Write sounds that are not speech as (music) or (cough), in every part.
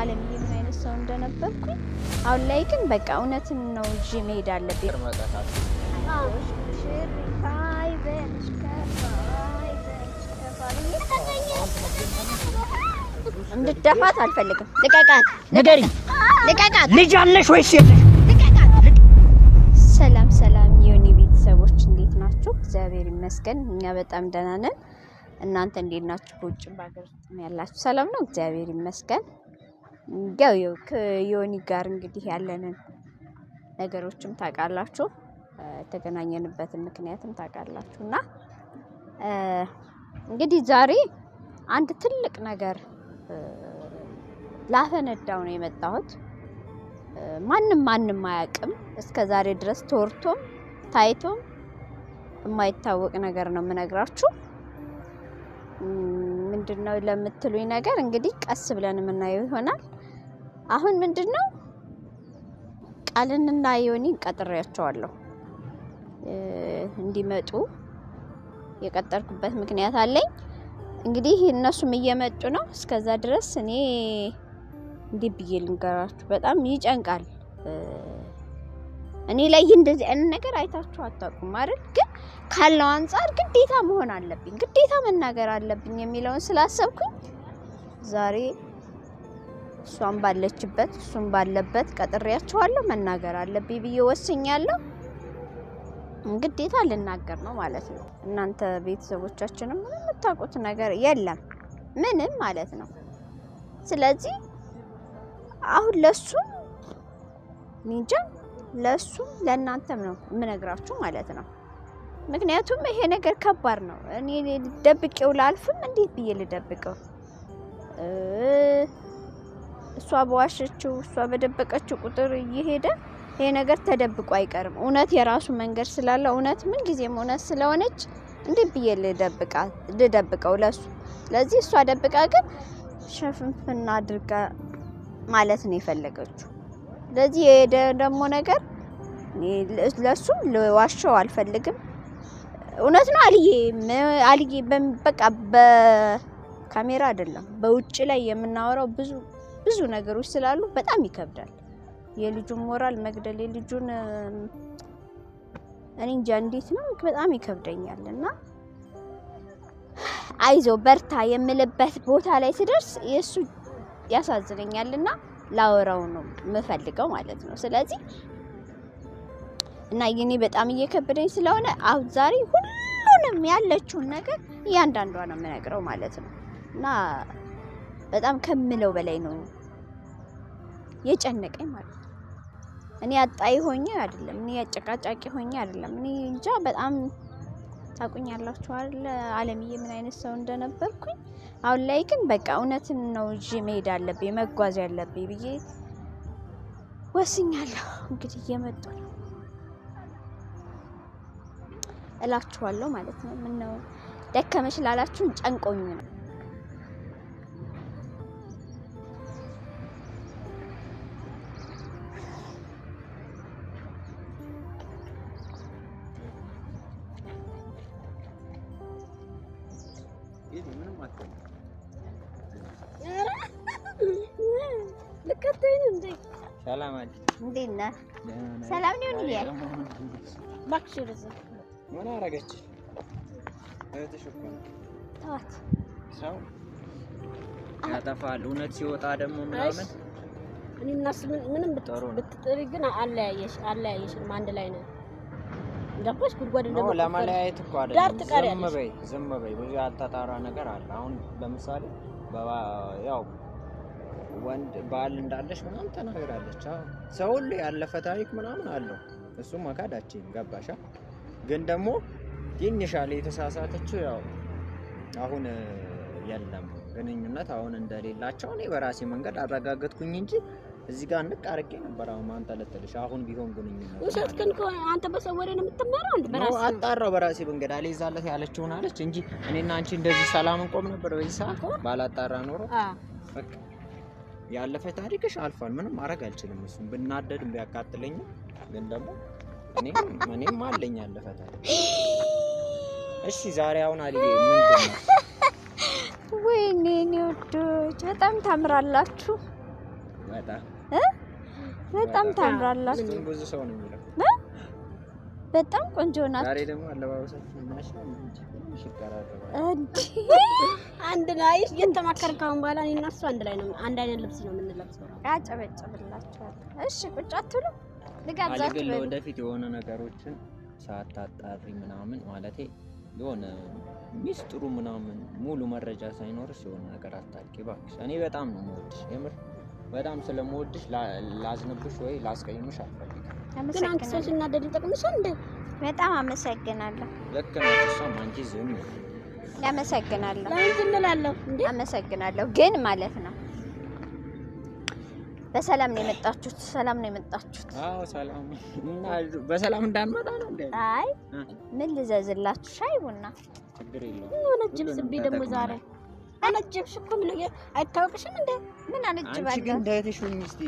አለምዬ ምን አይነት ሰው እንደነበርኩኝ አሁን ላይ ግን በቃ እውነትን ነው ጂ መሄድ አለብኝ። እንድደፋት አልፈልግም። ልቀቃት፣ ንገሪኝ። ልቀቃት። ልጅ አለሽ ወይስ ሰላም ሰላም፣ የኔ ቤተሰቦች እንዴት ናችሁ? እግዚአብሔር ይመስገን እኛ በጣም ደህና ነን። እናንተ እንዴት ናችሁ? በውጭ በሀገር ያላችሁ ሰላም ነው? እግዚአብሔር ይመስገን። ያው ከዮኒ ጋር እንግዲህ ያለንን ነገሮችም ታውቃላችሁ፣ የተገናኘንበትን ምክንያትም ታውቃላችሁ። እና እንግዲህ ዛሬ አንድ ትልቅ ነገር ላፈነዳው ነው የመጣሁት። ማንም ማንም አያውቅም እስከ ዛሬ ድረስ ተወርቶም ታይቶም የማይታወቅ ነገር ነው የምነግራችሁ። ምንድን ነው ለምትሉኝ ነገር እንግዲህ ቀስ ብለን የምናየው ይሆናል። አሁን ምንድን ነው ቃልንና ዮኒን ቀጥሬያቸዋለሁ እንዲመጡ የቀጠርኩበት ምክንያት አለኝ። እንግዲህ እነሱም እየመጡ ነው። እስከዛ ድረስ እኔ እንዲህ ብዬ ልንገራችሁ፣ በጣም ይጨንቃል። እኔ ላይ እንደዚህ አይነት ነገር አይታችሁ አታውቁም አይደል? ግን ካለው አንጻር ግዴታ መሆን አለብኝ፣ ግዴታ መናገር አለብኝ የሚለውን ስላሰብኩኝ ዛሬ እሷም ባለችበት እሱም ባለበት ቀጥሬያቸዋለሁ። መናገር አለብኝ ብዬ ወስኛለሁ። ግዴታ ልናገር ነው ማለት ነው። እናንተ ቤተሰቦቻችንም ምንም የምታውቁት ነገር የለም ምንም ማለት ነው። ስለዚህ አሁን ለሱ እንጃ ለሱም ለእናንተም ነው የምነግራችሁ ማለት ነው። ምክንያቱም ይሄ ነገር ከባድ ነው። እኔ ልደብቄው ላልፍም፣ እንዴት ብዬ ልደብቀው? እሷ በዋሸችው እሷ በደበቀችው ቁጥር እየሄደ ይሄ ነገር ተደብቆ አይቀርም። እውነት የራሱ መንገድ ስላለው እውነት ምን ጊዜም እውነት ስለሆነች እንዴ ብዬ ልደብቀው ለሱ። ስለዚህ እሷ ደብቃ ግን ሸፍንፍና አድርጋ ማለት ነው የፈለገችው። ስለዚህ የሄደ ደግሞ ነገር ለሱም ልዋሸው አልፈልግም። እውነት ነው አልዬ አልዬ በቃ በካሜራ አይደለም በውጭ ላይ የምናወራው ብዙ ብዙ ነገሮች ስላሉ በጣም ይከብዳል። የልጁን ሞራል መግደል የልጁን እኔ እንጃ እንዴት ነው በጣም ይከብደኛል። እና አይዞ በርታ የምልበት ቦታ ላይ ስደርስ የእሱ ያሳዝነኛል እና ላወራው ነው የምፈልገው ማለት ነው። ስለዚህ እና የኔ በጣም እየከበደኝ ስለሆነ አሁን ዛሬ ሁሉንም ያለችውን ነገር እያንዳንዷ ነው የምነግረው ማለት ነው እና በጣም ከምለው በላይ ነው የጨነቀኝ ማለት ነው። እኔ አጣይ ሆኜ አይደለም፣ እኔ አጨቃጫቂ ሆኜ አይደለም። እኔ እንጃ በጣም ታቁኛላችሁ አይደል አለምዬ ምን አይነት ሰው እንደነበርኩኝ። አሁን ላይ ግን በቃ እውነትን ነው እጂ መሄድ አለብኝ መጓዝ ያለብኝ ብዬ ወስኛለሁ። እንግዲህ እየመጡ ነው እላችኋለሁ ማለት ነው። ምን ነው ደከመሽ ላላችሁን ጨንቆኝ ነው። ሰላም ምን አደረገች? ተዋት። ሰው ያጠፋል። እውነት ሲወጣ ደግሞ ምናምን እኔ እና እሱ ምንም ብትጥሪ ግን አለያየሽ አለያየሽም አንድ ላይ ነው ገባሽ? ጉድጓድ እንደው ለመለያየት እኮ አይደለም። ዳር ትቀሪያለሽ። ዝም በይ ዝም በይ። ብዙ ያልተጣራ ነገር አለ። አሁን ለምሳሌ ያው ወንድ ባል እንዳለሽ ምናምን ተናግራለች። ሰው ሁሉ ያለፈ ታሪክ ምናምን አለው። እሱ መካዳችን ገባሻ? ግን ደግሞ ይንሻል የተሳሳተችው ያው አሁን የለም ግንኙነት አሁን እንደሌላቸው እኔ በራሴ መንገድ አረጋገጥኩኝ እንጂ እዚህ ጋር ንቅ አርጌ ነበር። አሁን ማን ተለተልሽ? አሁን ቢሆን ግንኙነት ውሸት ግን አንተ በሰው ነው የምትመራው። አንተ በራስህ ነው አጣራው። በራሴ መንገድ አልይዛለት ያለችውን አለች እንጂ እኔና አንቺ እንደዚህ ሰላም እንቆም ነበር በዚህ ሰዓት ባላጣራ ኖሮ። በቃ ያለፈ ታሪክሽ አልፏል። ምንም ማድረግ አልችልም። እሱም ብናደድም ቢያቃጥለኝም ግን ደግሞ እኔም እኔም አለኝ ያለፈ ታሪክ። እሺ ዛሬ አሁን አልዬ ምንድን ነው? ወይኔ እኔ ወዶች በጣም ታምራላችሁ በጣም በጣም ታምራላችሁ። በጣም ቆንጆ ናት። አንድ ላይ እየተማከርከውን በኋላ እኔ እና እሱ አንድ ላይ ነው፣ አንድ አይነት ልብስ ነው የምንለብሰው። አጨበጭብላችኋለሁ። እሺ ቁጭ አትሉ። ልጋብዛችሁ ለወደፊት የሆነ ነገሮችን ሳታጣሪ ምናምን ማለት የሆነ ሚስጥሩ ምናምን ሙሉ መረጃ ሳይኖርስ የሆነ ነገር አታቂ እባክሽ። እኔ በጣም ነው የምወድሽ የምር በጣም ስለምወድሽ ላዝንብሽ ወይ ላስቀይምሽ አልፈልግም። ግን አንቺ ሰው ሲናደድ ይጠቅምሻል እንዴ? በጣም አመሰግናለሁ። ልክ ነው። እሷም አንቺ ዝም ለምን ዝም እላለሁ እንዴ? አመሰግናለሁ። ግን ማለት ነው በሰላም ነው የመጣችሁት? ሰላም ነው የመጣችሁት? አዎ ሰላም። እና በሰላም እንዳንመጣ ነው እንዴ? አይ ምን ልዘዝላችሁ? ሻይ ቡና? ችግር የለውም። ሆነ ደግሞ ዛሬ አነጀብሽ እኮ ምን አይታወቅሽም እንዴ? ምን አነጀባለሁ። አንቺ ግን እስቲ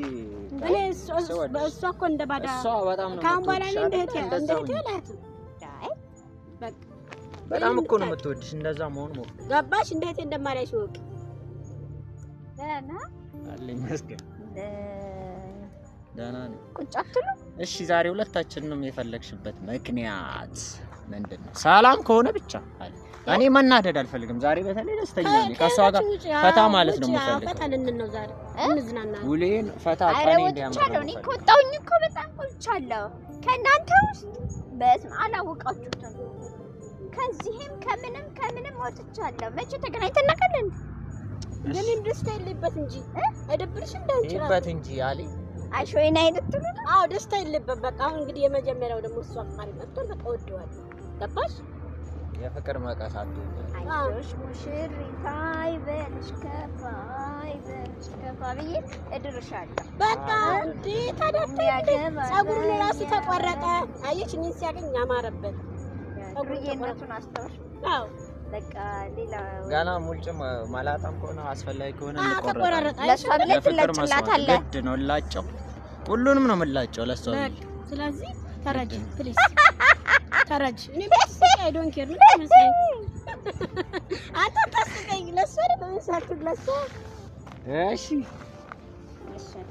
እኔ እሷ እኮ እንደ ባዳ እሷ በጣም ነው ካሁን በኋላ በቃ በጣም እኮ ነው የምትወድሽ። እንደዛ መሆን ገባሽ? እንደማላይሽ ወቅ ደህና አለኝ መስገን ደህና ቁጭ አትሉ እሺ። ዛሬ ሁለታችንንም የፈለግሽበት ምክንያት ምንድን ነው ሰላም ከሆነ ብቻ እኔ መናደድ አልፈልግም። ዛሬ በተለይ ደስተኛ ነኝ። ከሷ ጋር ፈታ ማለት ነው የምፈልገው። ፈታ ልንል ነው ዛሬ እንዝናና። ውሌን ፈታ አጣኔ እንዲያምር ነው። ከወጣሁኝ እኮ በጣም ቆይቻለሁ ከእናንተ ውስጥ በስም አላወቃችሁትም። ከዚህም ከምንም ከምንም ወጥቻለሁ። መቼ ተገናኝተን እናውቃለን? ለምን ደስታ የለበት እንጂ አይደብርሽ እንዳንችላበት እንጂ አለ አሾይና አይደትሉ። አዎ ደስታ የለበት በቃ። አሁን እንግዲህ የመጀመሪያው ደግሞ እሷ ቃል መጥቶ በቃ ወደዋለሁ ገባሽ? የፍቅር መቀስ አይዞሽ ሙሽሪታይ በልሽ ከፋይ በልሽ ከፋ ብዬ እድርሻለሁ። በቃ እንደ ታዲያ ፀጉሩን እራሱ ተቆረጠ። አየሽ እኔን ሲያገኝ አማረበት። ፀጉርዬነቱን አስተውሽ። አዎ ገና ሙልጭም ማላጣም ከሆነ አስፈላጊ ከሆነ እንቆረጣለን። ለእሷ ብለህ ትላጭላታለህ። ሁሉንም ነው የምላጨው ለእሷ ስለዚህ ተረጅም ፕሊዝ ፈረጅ እኔ ብትስቅ አይ ዶንት ኬር ምን ይመስለኝ። አንተ ታስቀኝ ለእሱ አይደል እንሳቱት ለእሱ እሺ።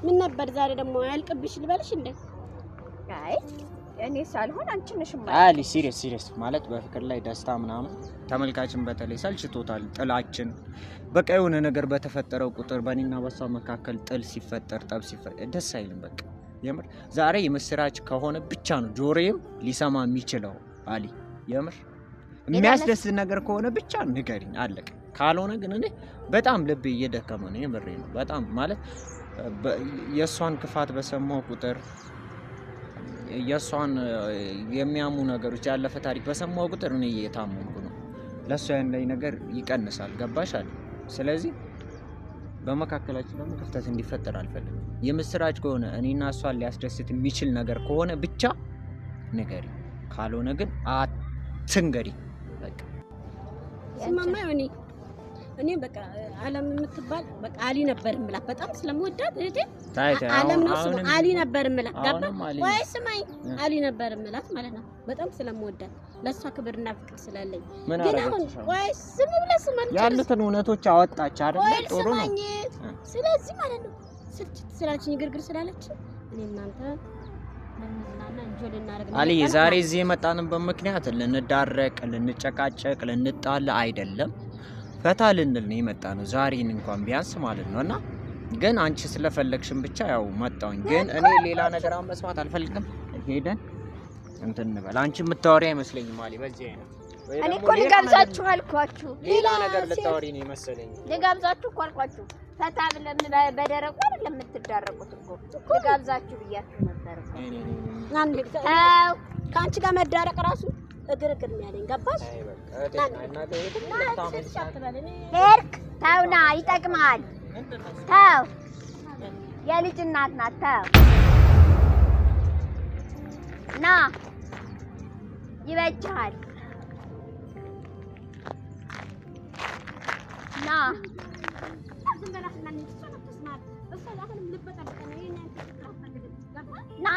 ምን ነበር ዛሬ ደግሞ አያልቅብሽ ልበልሽ እንዴ? አይ እኔ ሳልሆን አንቺ ነሽ ማለት ሲሪየስ ሲሪየስ ማለት በፍቅር ላይ ደስታ ምናምን ተመልካችን በተለይ ሰልችቶታል። ጥላችን በቃ የሆነ ነገር በተፈጠረው ቁጥር በእኔና በሷ መካከል ጥል ሲፈጠር ጠብ ሲፈጠር ደስ አይልም። በቃ የምር ዛሬ የምስራች ከሆነ ብቻ ነው ጆሮዬም ሊሰማ የሚችለው። አሊ የምር የሚያስደስት ነገር ከሆነ ብቻ ንገሪኝ፣ አለቀ። ካልሆነ ግን እኔ በጣም ልብ እየደከመ ነው። የምሬ ነው። በጣም ማለት የእሷን ክፋት በሰማው ቁጥር የእሷን የሚያሙ ነገሮች ያለፈ ታሪክ በሰማው ቁጥር እኔ እየታመምኩ ነው። ለእሷ ያለኝ ነገር ይቀንሳል። ገባሽ አለ። ስለዚህ በመካከላችን ደግሞ ክፍተት እንዲፈጠር አልፈልግም። የምስራች ከሆነ እኔና እሷን ሊያስደስት የሚችል ነገር ከሆነ ብቻ ንገሪኝ። ካልሆነ ግን አትንገሪ። ስማማ እኔ እኔ በቃ አለም የምትባል በቃ አሊ ነበር ምላ በጣም ስለምወዳት እህቴ አለም ነው ስሙ። አሊ ነበር የምላት ጋባ ወይ ስማኝ፣ አሊ ነበር ምላት ማለት ነው። በጣም ስለምወዳት ለእሷ ክብርና ፍቅር ስላለኝ ግን አሁን ወይ ስም ብለህ ስማኝ፣ ያሉትን እውነቶች አወጣች አይደል? ጥሩ ነው። ስለዚህ ማለት ነው ስልችት ስላለችኝ ግርግር ስላለች እኔ እናንተ አሊ ዛሬ እዚህ የመጣንበት ምክንያት ልንዳረቅ፣ ልንጨቃጨቅ፣ ልንጣላ አይደለም። ፈታ ልንል ነው የመጣ ነው ዛሬን እንኳን ቢያንስ ማለት ነው እና ግን አንቺ ስለፈለግሽን ብቻ ያው መጣውኝ። ግን እኔ ሌላ ነገር መስማት አልፈልግም። ሄደን እንትን እንበል። አንቺ የምታወሪ አይመስለኝም አሊ። በዚህ አይነት እኔ እኮ ልጋብዛችሁ አልኳችሁ። ሌላ ነገር ልታወሪ ነው ይመስለኝ። ልጋብዛችሁ እኮ አልኳችሁ። ፈታ ብለን በደረቁ አይደለም የምትዳረቁት እኮ ልጋብዛችሁ ብያችሁ ነው ከአንቺ ጋር መዳረቅ ራሱ እግር እግር የሚያለኝ ገባሽ? ሄድክ ተውና፣ ይጠቅማል። ተው የልጅ እናት ናት። ተው ና ይበጃል። ና ና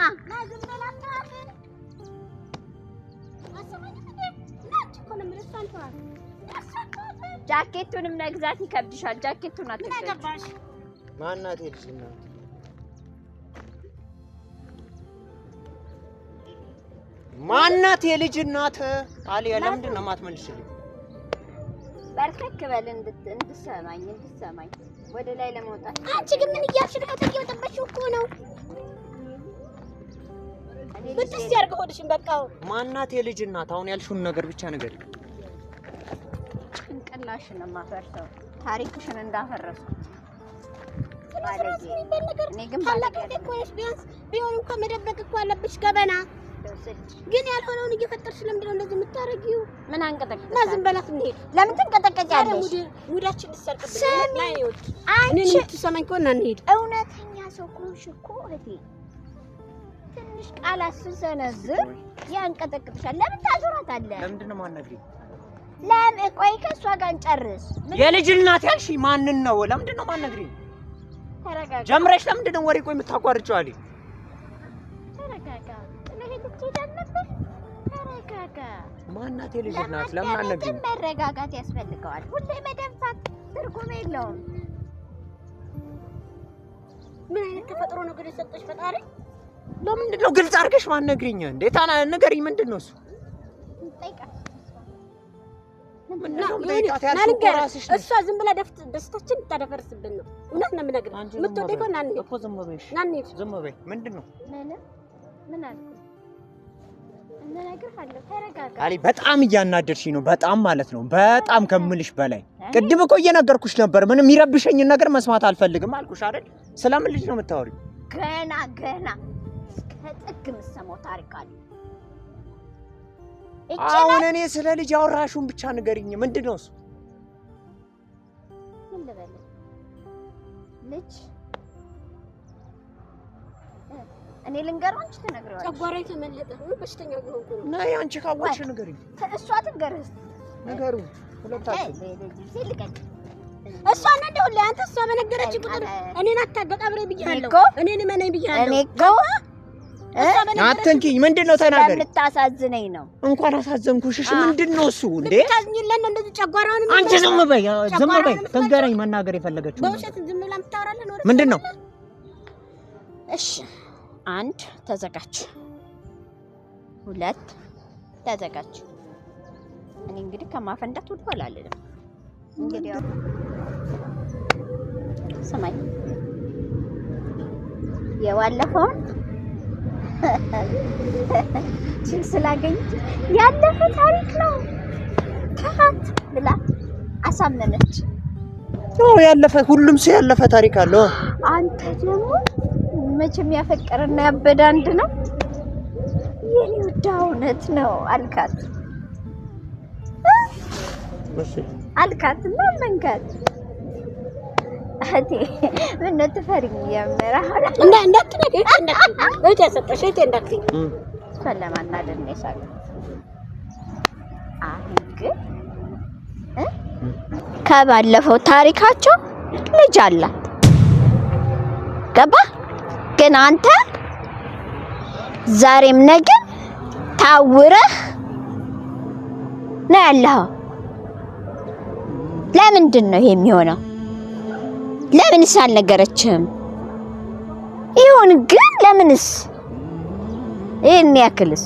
ጃኬቱንም መግዛት ይከብድሻል። ጃኬቱን አትገዛሽ። ማናት ልጅ ማናት የልጅ እናት አልያ ለምንድን ነው የማትመልሽልኝ? በርከክ በል እንድትሰማኝ እንድትሰማኝ ወደ ላይ ለመውጣት አንቺ ግን ምን እያልሽ ርቀት እየወጠበሽ እኮ ነው ብትስ ያርገ ሆድሽን። በቃ ማናት የልጅ እናት? አሁን ያልሽውን ነገር ብቻ ነገር ጭንቅላሽን ማፈርተው ታሪክሽን እንዳፈረሱ ቢሆን እንኳን መደበቅ እኮ አለብሽ ገበና ግን ያልሆነውን እየፈጠርሽ ለምንድን ነው እንደዚህ የምታደርጊው? ምን አንቀጠቀ እና ዝም በላት እንሄድ። ለምን ትንቀጠቀጫለሽ? ሙዳችን ልሰርቅብኝ። አንቺ ሰማኝ ከሆነ እንሄድ። እውነተኛ ሰው ከሆንሽ እኮ እህቴ ትንሽ ቃላት ስሰነዝር ያንቀጠቅጥሻል። ለምን ታዞራታለህ? ለምንድን ነው የማናግሪኝ? ለምን ቆይ፣ ከእሷ ጋር እንጨርስ። የልጅ እናት ያልሽ ማንን ነው? ለምንድን ነው የማናግሪኝ? ተረጋጋ። ጀምረሽ ለምንድን ነው ወሬ ቆይ የምታቋርጪው? አለኝ። ተረጋጋ። ተረጋጋ። ማናት የልጅ እናት? ለምን አናግሪኝ? መረጋጋት ያስፈልገዋል። ሁሌ መደንፋት ትርጉም የለውም። ምን አይነት ተፈጥሮ ነው ግን የሰጠሽ ፈጣሪ ለምንድን ነው ግልጽ አድርገሽ ማነግሪኝ? እንዴ ታና ንገሪኝ፣ ምንድን ነው እሱ? እሷ ዝም ብላ ደስታችን ነው። እውነት ነው የምነግርህ። እኮ። ዝም ዝም በይ። ምንድን ነው አሊ? በጣም እያናደድሽኝ ነው። በጣም ማለት ነው፣ በጣም ከምልሽ በላይ። ቅድም እኮ እየነገርኩሽ ነበር። ምንም የሚረብሸኝን ነገር መስማት አልፈልግም አልኩሽ አይደል? ስለምን ልጅ ነው የምታወሪው? ገና ገና ጥግ የምትሰማው ታሪክ አለ። አሁን እኔ ስለ ልጅ አወራሹን ብቻ ንገሪኝ። ምንድን ነው እሱ? ምን ልበልህ ልጅ እኔ ልንገር፣ አንቺ ትነግሪዋለሽ። ጨጓራዬ ተመለጠ። ምን በሽተኛ ሆንኩ ነው። ነይ አንቺ ካወቅሽ ንገሪኝ። እሷ ትንገርህ። ንገሩ ሁለታችሁ። እሷ ነው እንደው አንተ እሷ በነገረች ቁጥር እኔን አታገቃብሬ ብያለሁ። እኔን እመነኝ ብያለሁ። አትንኪኝ። ምንድን ነው ተናገሪ። የምታሳዝነኝ ነው። እንኳን አሳዘንኩሽ። እሺ ምንድን ነው እሱ? እንዴ አንቺ ዝም በይ፣ ዝም በይ። ትንገረኝ መናገር የፈለገችው ምንድን ነው? እሺ አንድ ተዘጋጅ፣ ሁለት ተዘጋጅ። እኔ እንግዲህ ከማፈንዳት ወደ ኋላ አልልም። እንግዲህ ስማኝ የባለፈውን (laughs) ችን ስላገኘች ያለፈ ታሪክ ነው ካት ብላ አሳመነች። ያለፈ ሁሉም ሰው ያለፈ ታሪክ አለው። አንተ ደግሞ መቼም ያፈቀረና ያበደ አንድ ነው። የኔ ውዳ እውነት ነው አልካት አልካት እና መንካት እህቴ ምነው ትፈሪኝ? እንዳትነግሪኝ ከባለፈው ታሪካቸው ልጅ አላት ገባ። ግን አንተ ዛሬም ነገ ታውረህ ነው ያለኸው። ለምንድን ነው ይሄ የሚሆነው? ለምንስ አልነገረችም ይሁን ግን ለምንስ ይህን ያክልስ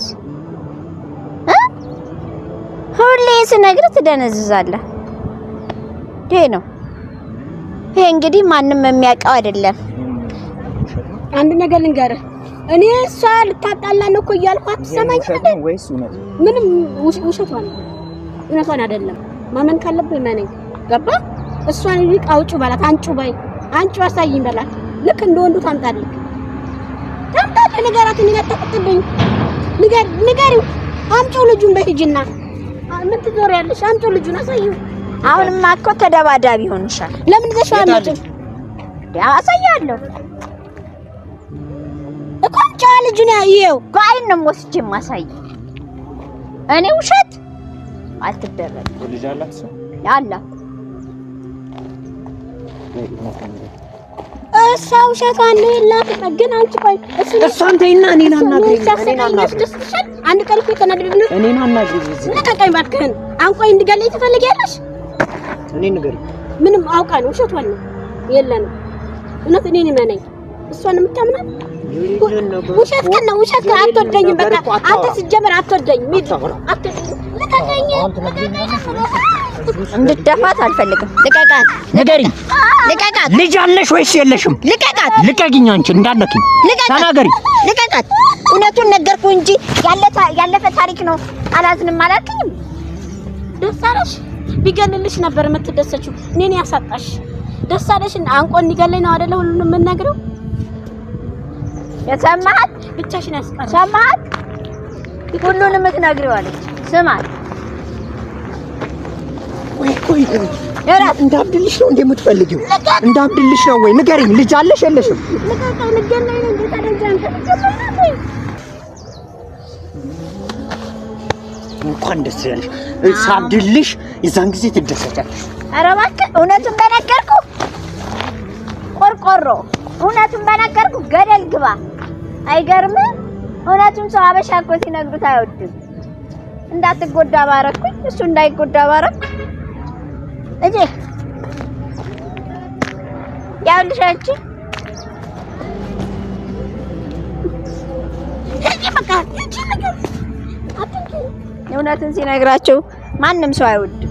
ሁሌ ስነግር ትደነዝዛለህ። ይሄ ነው ይሄ እንግዲህ ማንም የሚያውቀው አይደለም። አንድ ነገር ልንገርህ፣ እኔ እሷ ልታጣላን እኮ እያልኳት አትሰማኝም ምንም ውሸቷን እውነቷን አይደለም። ማመን ካለብህ ማመን ገባ እሷን ይልቅ አውጭ በላት፣ አንጩ በይ፣ አንጩ አሳይኝ በላት። ልክ እንደ ወንዱ ታምጣልህ ታምጣልህ። ንገራት፣ የሚነጠቁትብኝ ንገር፣ ንገሪው። አምጪው ልጁን በሂጂና ምን ትዞሪያለሽ? አምጪው ልጁን አሳይው። አሁንማ እኮ ተደባዳቢ ሆንሻል። ለምን ይዘሽው አምጪው? ያው አሳያለሁ እኮ አምጪዋ ልጁን። ያየው ጋይን ነው ወስጄ ማሳይ እኔ ውሸት አትደረግ ልጅ አላት ሰው አላት እሷ ውሸቷን ነው የላት። ግን አንቺ ቆይ እሷን ተይና እኔን አናግሪኝ። አንድ ቀን እኮ ተናደድና እኔን አናግሪኝ። ልቀቀኝ እባክህን። አንቆይ እንድገለኝ ትፈልጊያለሽ? እኔ ንገሪኝ። ምንም አውቃ ነው ውሸቷን ነው የለንም። እውነት እኔን ይመነኝ። እሷን የምታምናት ውሸት ከነ ውሸት ከነ አትወደኝም። በቃ አንተ ሲጀመር አትወደኝም። እንድትደፋት አልፈልግም። ልቀቃት፣ ንገሪኝ። ልቀቃት። ልጅ አለሽ ወይስ የለሽም? ልቀቃት። ልቀቂኝ። አንቺ እንዳለኪኝ ተናገሪ። ልቀቃት። እውነቱን ነገርኩ እንጂ ያለፈ ታሪክ ነው። አላዝንም አላልክኝም። ደስ አለሽ ቢገልልሽ ነበር የምትደሰችው። እኔን ያሳጣሽ ደስ አለሽ። አንቆ እንዲገለኝ ነው አይደለ? ሁሉንም የምንነግረው የሰማሃት ብቻሽን ያስቀር ሰማሃት ሁሉንም የምትነግሪው አለች። ስማት ወይ ቆይ የራት እንዳብድልሽ ነው እንደምትፈልጊው እንዳብድልሽ ነው ወይ ንገሪኝ። ልጅ አለሽ የለሽም? እንኳን ደስ ያለሽ። ሳብድልሽ የዛን ጊዜ ትደሰቻለሽ። ኧረ እባክህ እውነቱን በነገርኩ ቆርቆሮ እውነቱን በነገርኩ ገደል ግባ አይገርምም? እውነቱም ሰው አበሻ እኮ ሲነግሩት አይወድም። እንዳትጎዳ ባረኩኝ፣ እሱ እንዳይጎዳ ባረኩ እጂ ያው ልሻንቺ እውነትን ሲነግራቸው ማንም ሰው አይወድም።